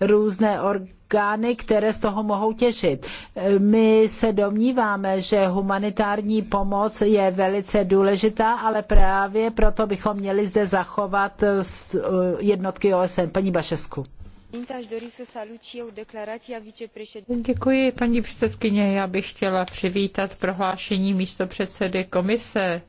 různé orgány, které z toho mohou těžit. My se domníváme, že humanitární pomoc je velice důležitá, ale právě proto bychom měli zde zachovat jednotky OSN. Paní Bašesku paní předsedkyně. Já bych chtěla přivítat prohlášení místopředsedy komise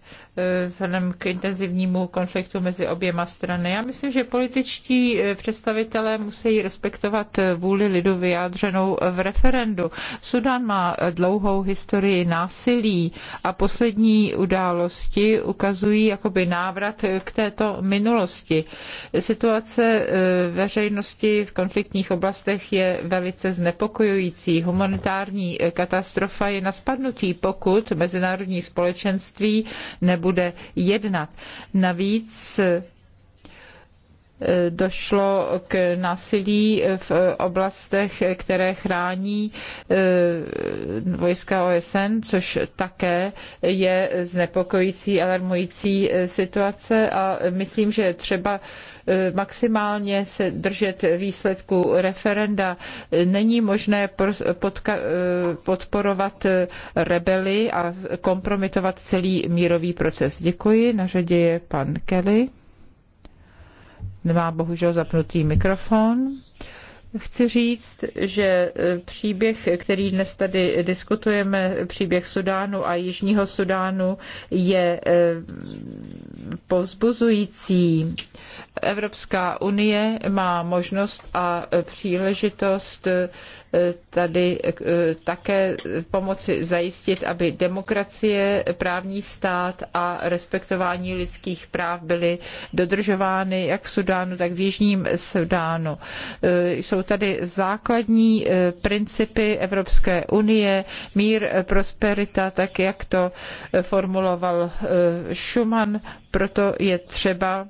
vzhledem k intenzivnímu konfliktu mezi oběma strany. Já myslím, že političtí eh, představitelé musí respektovat vůli lidu vyjádřenou v referendu. Sudan má dlouhou historii násilí a poslední události ukazují jakoby návrat k této minulosti. Situace eh, veřejnosti v konfliktních oblastech je velice znepokojující. Humanitární eh, katastrofa je na spadnutí, pokud mezinárodní společenství nebo bude jednat. Navíc došlo k násilí v oblastech, které chrání eh, vojska OSN, což také je znepokojící, alarmující eh, situace a myslím, že třeba eh, maximálně se držet výsledku referenda. Není možné podporovat rebely a kompromitovat celý mírový proces. Děkuji. Na řadě je pan Kelly. Nemá bohužel zapnutý mikrofon. Chci říct, že e, příběh, který dnes tady diskutujeme, příběh Sudánu a Jižního Sudánu, je e, pozbuzující Evropská unie má možnost a příležitost eh, tady eh, také pomoci zajistit, aby demokracie, právní stát a respektování lidských práv byly dodržovány jak v Sudánu, tak v Jižním Sudánu. Eh, jsou tady základní principy Evropské unie, mír, prosperita, tak jak to formuloval Schuman, proto je třeba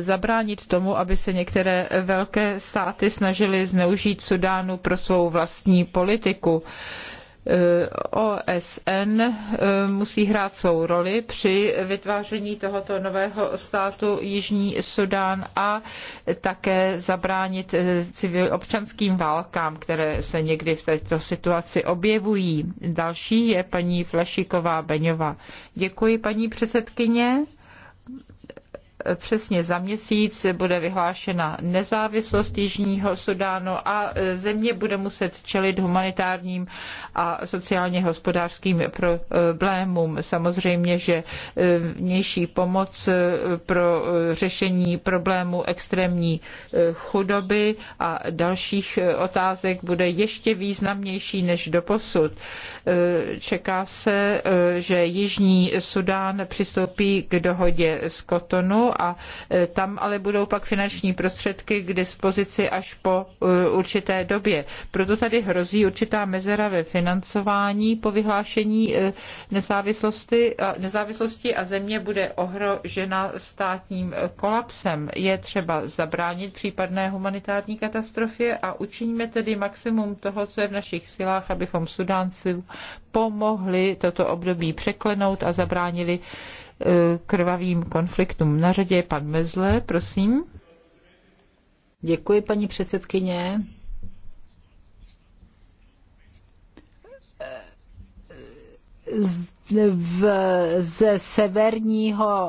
zabránit tomu, aby se některé velké státy snažily zneužít Sudánu pro svou vlastní politiku. E, OSN e, musí hrát svou roli při vytváření tohoto nového státu Jižní Sudán a také zabránit e, civil, občanským válkám, které se někdy v této situaci objevují. Další je paní Flašiková Beňová. Děkuji, paní předsedkyně přesně za měsíc bude vyhlášena nezávislost Jižního Sudánu a země bude muset čelit humanitárním a sociálně hospodářským problémům. Samozřejmě, že eh, vnější pomoc eh, pro eh, řešení problému extrémní chudoby a dalších otázek bude ještě významnější než doposud. Čeká se, že Jižní Sudán přistoupí k dohodě z Kotonu a e, tam ale budou pak finanční prostředky k dispozici až po e, určité době. Proto tady hrozí určitá mezera ve financování po vyhlášení e, nezávislosti, nezávislosti a země bude ohrožena státním kolapsem. Je třeba zabránit případné humanitární katastrofě a učiníme tedy maximum toho, co je v našich silách, abychom Sudánci pomohli toto období překlenout a zabránili Eh, krvavým konfliktům. Na řadě je pan Mezle, prosím. Děkuji, paní předsedkyně. Eh, z, v, ze severního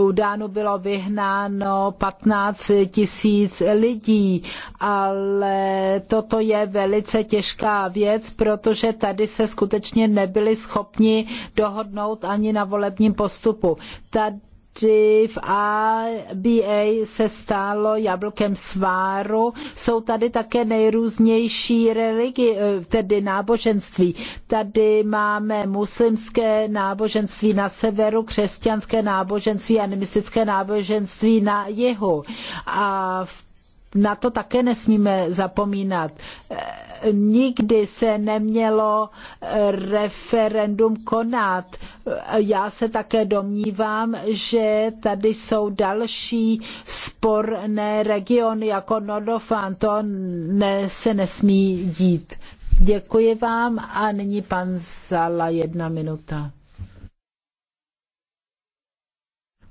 Udáno bylo vyhnáno 15 tisíc lidí, ale toto je velice těžká věc, protože tady se skutečně nebyli schopni dohodnout ani na volebním postupu. Tady dřív a BA se stalo jablkem sváru. Jsou tady také nejrůznější religie, tedy náboženství. Tady máme muslimské náboženství na severu, křesťanské náboženství, animistické náboženství na jihu. A v na to také nesmíme zapomínat. Eh, nikdy se nemělo eh, referendum konat. Eh, já se také domnívám, že tady jsou další sporné regiony jako Nordofan. To ne, se nesmí dít. Děkuji vám a nyní pan Zala jedna minuta.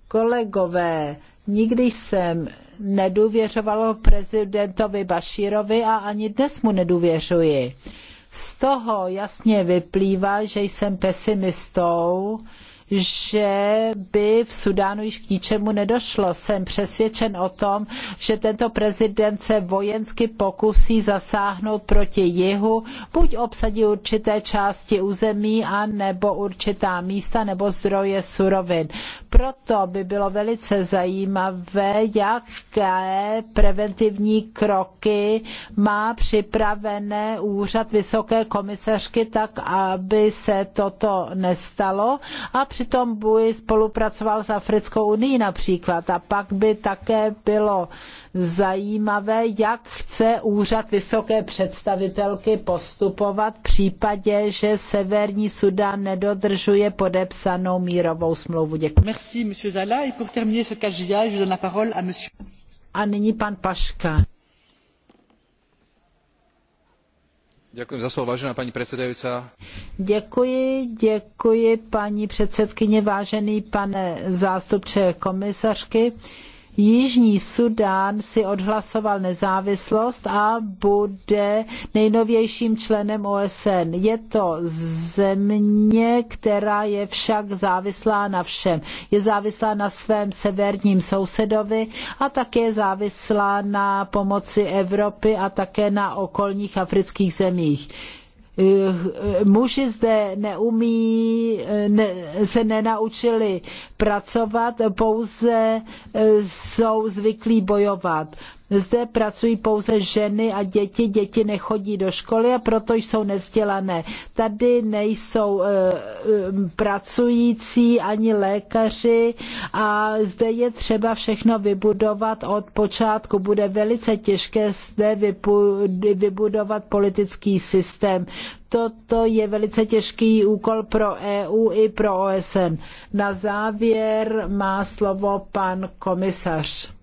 Kolegové, nikdy jsem nedůvěřovalo prezidentovi Bašírovi a ani dnes mu nedůvěřuji. Z toho jasně vyplývá, že jsem pesimistou, že by v Sudánu již k ničemu nedošlo. Jsem přesvědčen o tom, že tento prezident se vojensky pokusí zasáhnout proti jihu, buď obsadí určité části území, a nebo určitá místa nebo zdroje surovin. Proto by bylo velice zajímavé, jaké preventivní kroky má připravené úřad Vysoké komisařky tak, aby se toto nestalo a Přitom Bui spolupracoval s Africkou unii například a pak by také bylo zajímavé, jak chce úřad vysoké představitelky postupovat v případě, že Severní Sudan nedodržuje podepsanou mírovou smlouvu. Děkuji. Merci, monsieur Zala. Et pour terminer ce cas je donne la parole à monsieur... A nyní pan Paška. Děkuji za slovo, vážená paní předsedající. Děkuji, děkuji paní předsedkyně, vážený pane zástupce komisařky. Jižní Sudán si odhlasoval nezávislost a bude nejnovějším členem OSN. Je to země, která je však závislá na všem. Je závislá na svém severním sousedovi a také závislá na pomoci Evropy a také na okolních afrických zemích muži zde neumí, ne, se nenaučili pracovat, pouze eh, jsou zvyklí bojovat. Zde pracují pouze ženy a děti. Děti nechodí do školy a proto jsou nevzdělané. Tady nejsou eh, eh, pracující ani lékaři a zde je třeba všechno vybudovat od počátku. Bude velice těžké zde vybudovat politický systém. Toto je velice těžký úkol pro EU i pro OSN. Na závěr má slovo pan komisař.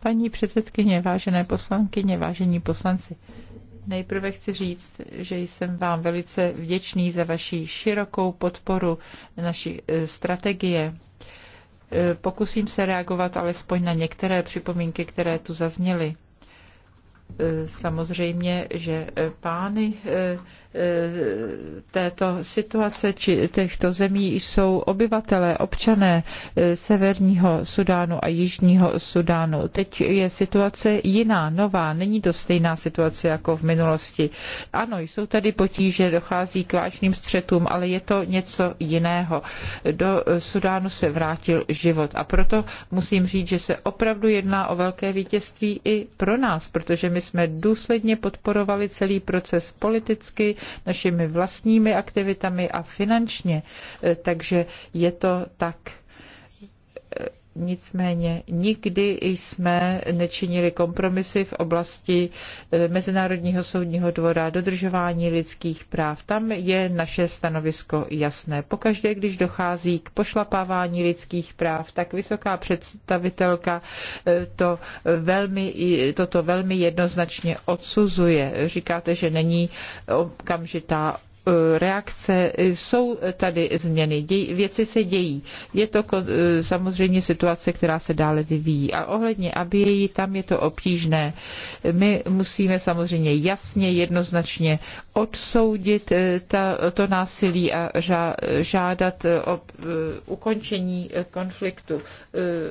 Paní předsedkyně, vážené poslankyně, vážení poslanci, Nejprve chci říct, že jsem vám velice vděčný za vaši širokou podporu naší e, strategie. E, pokusím se reagovat alespoň na některé připomínky, které tu zazněly. E, samozřejmě, že pány Eh, této situace či těchto zemí jsou obyvatelé, občané eh, Severního Sudánu a Jižního Sudánu. Teď je situace jiná, nová, není to stejná situace jako v minulosti. Ano, jsou tady potíže, dochází k vážným střetům, ale je to něco jiného. Do Sudánu se vrátil život a proto musím říct, že se opravdu jedná o velké vítězství i pro nás, protože my jsme důsledně podporovali celý proces politicky, našimi vlastními aktivitami a finančně. Eh, takže je to tak Nicméně nikdy jsme nečinili kompromisy v oblasti eh, Mezinárodního soudního dvora, dodržování lidských práv. Tam je naše stanovisko jasné. Pokaždé, když dochází k pošlapávání lidských práv, tak vysoká představitelka eh, to velmi, toto velmi jednoznačně odsuzuje. Říkáte, že není okamžitá E, reakce, e, jsou tady změny, děj, věci se dějí. Je to e, samozřejmě situace, která se dále vyvíjí. A ohledně Abiejí, tam je to obtížné. My musíme samozřejmě jasně, jednoznačně odsoudit eh, ta, to násilí a žádat eh, o eh, ukončení konfliktu.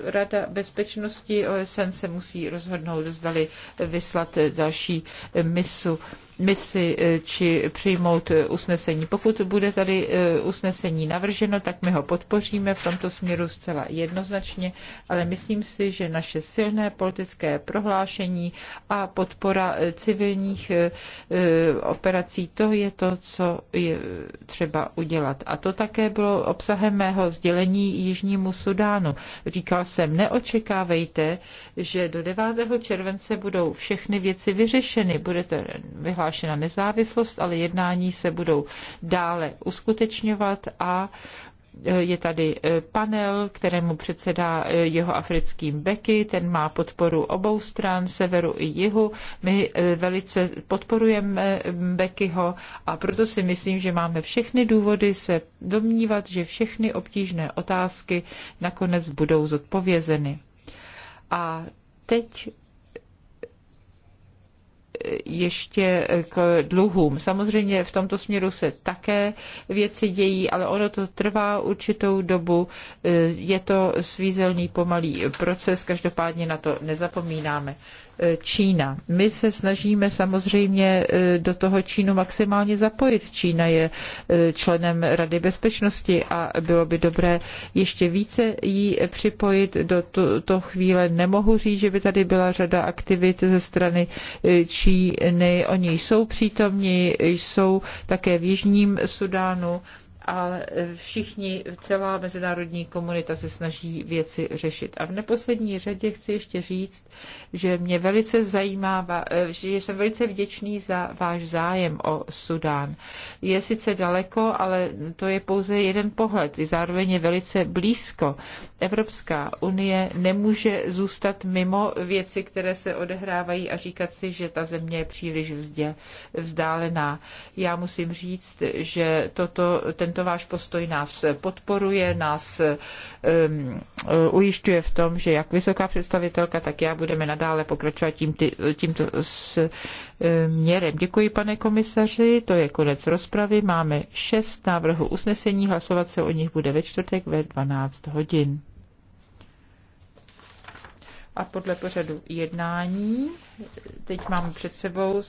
Rada bezpečnosti OSN se musí rozhodnout, zdali vyslat další misu, misi či přijmout usnesení. Pokud bude tady usnesení navrženo, tak my ho podpoříme v tomto směru zcela jednoznačně, ale myslím si, že naše silné politické prohlášení a podpora civilních operací prací. To je to, co je třeba udělat. A to také bylo obsahem mého sdělení Jižnímu Sudánu. Říkal jsem, neočekávejte, že do 9. července budou všechny věci vyřešeny. bude vyhlášena nezávislost, ale jednání se budou dále uskutečňovat a je tady e, panel, kterému předsedá e, jeho africký Beky, ten má podporu obou stran, severu i jihu. My e, velice podporujeme Bekyho a proto si myslím, že máme všechny důvody se domnívat, že všechny obtížné otázky nakonec budou zodpovězeny. A teď ještě k dluhům. Samozřejmě v tomto směru se také věci dějí, ale ono to trvá určitou dobu. Je to svízelný pomalý proces, každopádně na to nezapomínáme. Čína. My se snažíme samozřejmě e, do toho Čínu maximálně zapojit. Čína je e, členem Rady bezpečnosti a bylo by dobré ještě více jí připojit. Do této chvíle nemohu říct, že by tady byla řada aktivit ze strany e, Číny. Oni jsou přítomni, jsou také v Jižním Sudánu ale všichni, celá mezinárodní komunita se snaží věci řešit. A v neposlední řadě chci ještě říct, že mě velice zajímá, že jsem velice vděčný za váš zájem o Sudán. Je sice daleko, ale to je pouze jeden pohled, i zároveň je velice blízko. Evropská unie nemůže zůstat mimo věci, které se odehrávají a říkat si, že ta země je příliš vzdě, vzdálená. Já musím říct, že toto, ten tento váš postoj nás podporuje, nás um, ujišťuje v tom, že jak vysoká představitelka, tak já budeme nadále pokračovat tím, ty, tímto s, Um, Děkuji, pane komisaři, to je konec rozpravy. Máme šest návrhů usnesení, hlasovat se o nich bude ve čtvrtek ve 12 hodin. A podle pořadu jednání, teď mám před sebou